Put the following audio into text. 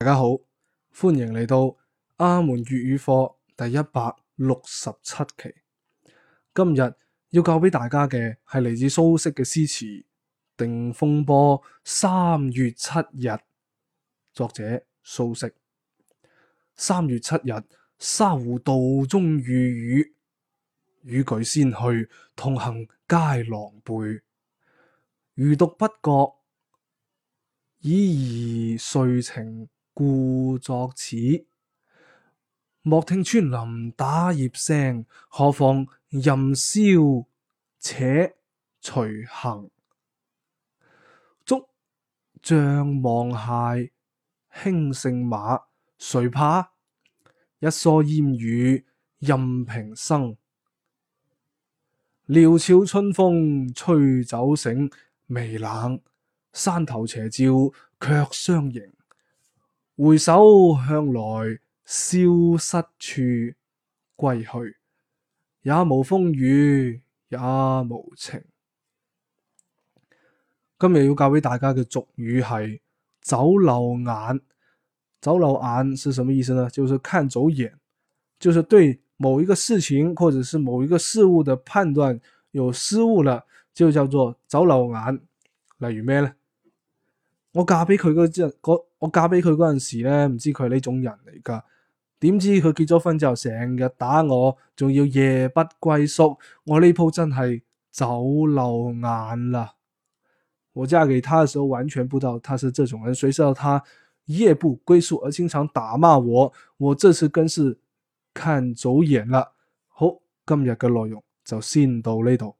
大家好，歡迎嚟到阿門粵語課第一百六十七期。今日要教俾大家嘅係嚟自蘇軾嘅詩詞《定風波》，三月七日，作者蘇軾。三月七日，沙湖道中遇雨，雨，雨具先去，同行皆狼狽，余獨不覺，已而遂晴。故作此，莫聽穿林打葉聲。何妨吟嘯且徐行。竹杖芒鞋輕勝馬，誰怕？一蓑煙雨任平生。料峭春風吹酒醒，微冷。山頭斜照卻相迎。回首向來蕭瑟處，歸去也無風雨也無晴。今日要教俾大家嘅俗語係走漏眼，走漏眼是什麼意思呢？就是看走眼，就是對某一個事情或者是某一個事物的判斷有失誤了，就叫做走漏眼。例如咩呢？我嫁俾佢嗰陣，嗰我，我嫁俾佢嗰陣時咧，唔知佢係呢種人嚟噶，點知佢結咗婚之後，成日打我，仲要夜不歸宿，我呢鋪真係走漏眼啦。我嫁給他的時候完全不知道他是這種人，誰知道他夜不歸宿而經常打罵我，我這次真是看走眼啦。好，今日嘅內容就先到呢度。